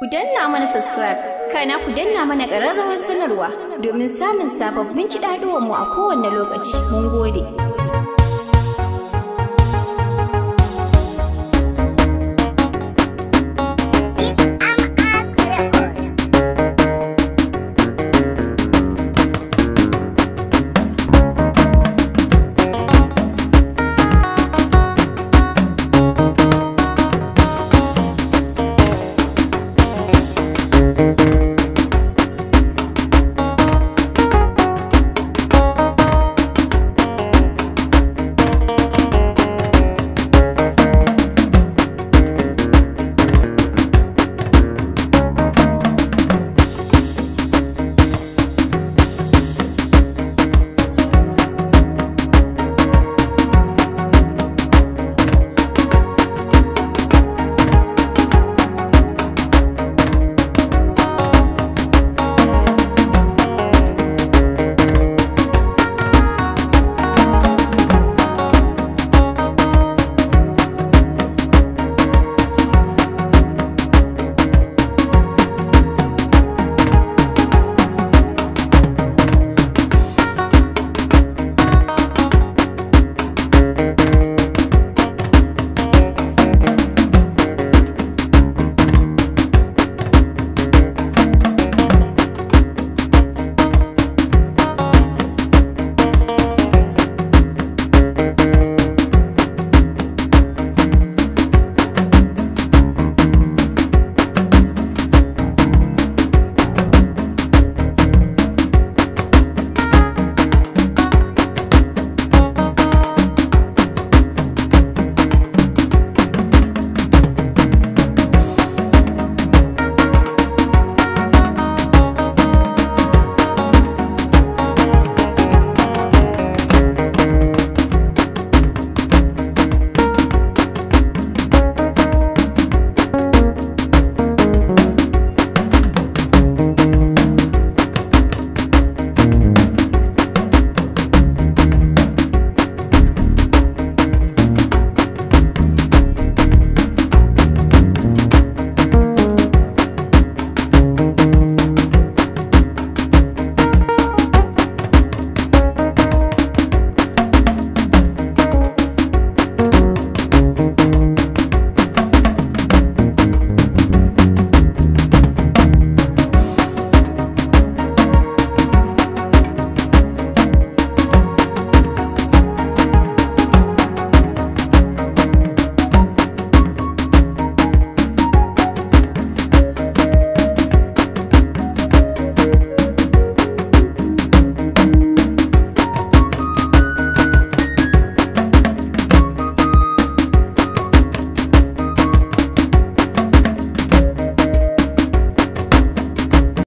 Ku danna mana subscribe, kana ku danna mana ƙararrawar sanarwa domin samun sababbin kiɗaɗuwanmu a kowane lokaci. Mun gode. Thank you.